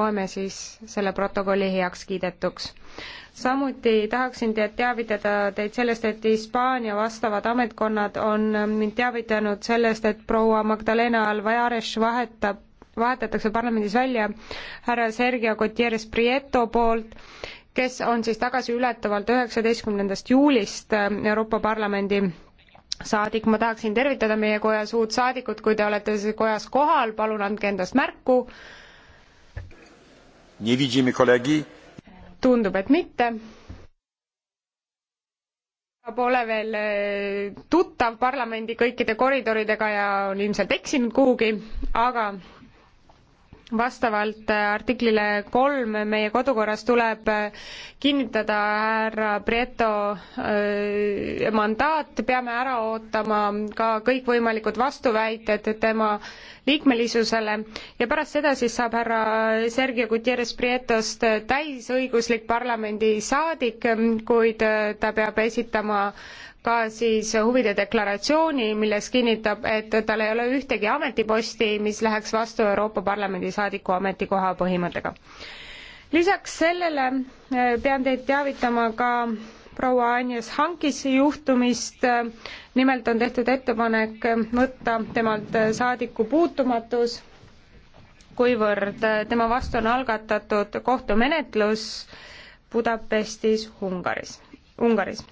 loeme siis selle protokolli heakskiidetuks. samuti tahaksin teid teavitada teid sellest, et Hispaania vastavad ametkonnad on mind teavitanud sellest, et proua Magdalena Alvares vahetab vahetatakse parlamendis välja härra Sergio Gutierrez Prieto poolt, kes on siis tagasi ületavalt üheksateistkümnendast juulist äh, Euroopa Parlamendi saadik, ma tahaksin tervitada meie kojas uut saadikut, kui te olete kojas kohal, palun andke endast märku tundub, et mitte. Pole veel e, tuttav parlamendi kõikide koridoridega ja on ilmselt eksinud kuhugi, aga vastavalt artiklile kolm meie kodukorras tuleb kinnitada härra Prieto äh, mandaat, peame ära ootama ka kõikvõimalikud vastuväited tema liikmelisusele ja pärast seda siis saab härra Sergio Gutierrez Prietost täisõiguslik parlamendisaadik, kuid äh, ta peab esitama ka siis huvide deklaratsiooni, milles kinnitab, et tal ei ole ühtegi ametiposti, mis läheks vastu Euroopa Parlamendi saadiku ametikoha põhimõttega. lisaks sellele eh, pean teid teavitama ka proua Agnes Hankisi juhtumist, nimelt on tehtud ettepanek võtta temalt saadiku puutumatus, kuivõrd tema vastu on algatatud kohtumenetlus Budapestis, Ungaris, Ungaris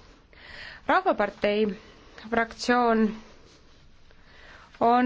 rahvapartei fraktsioon on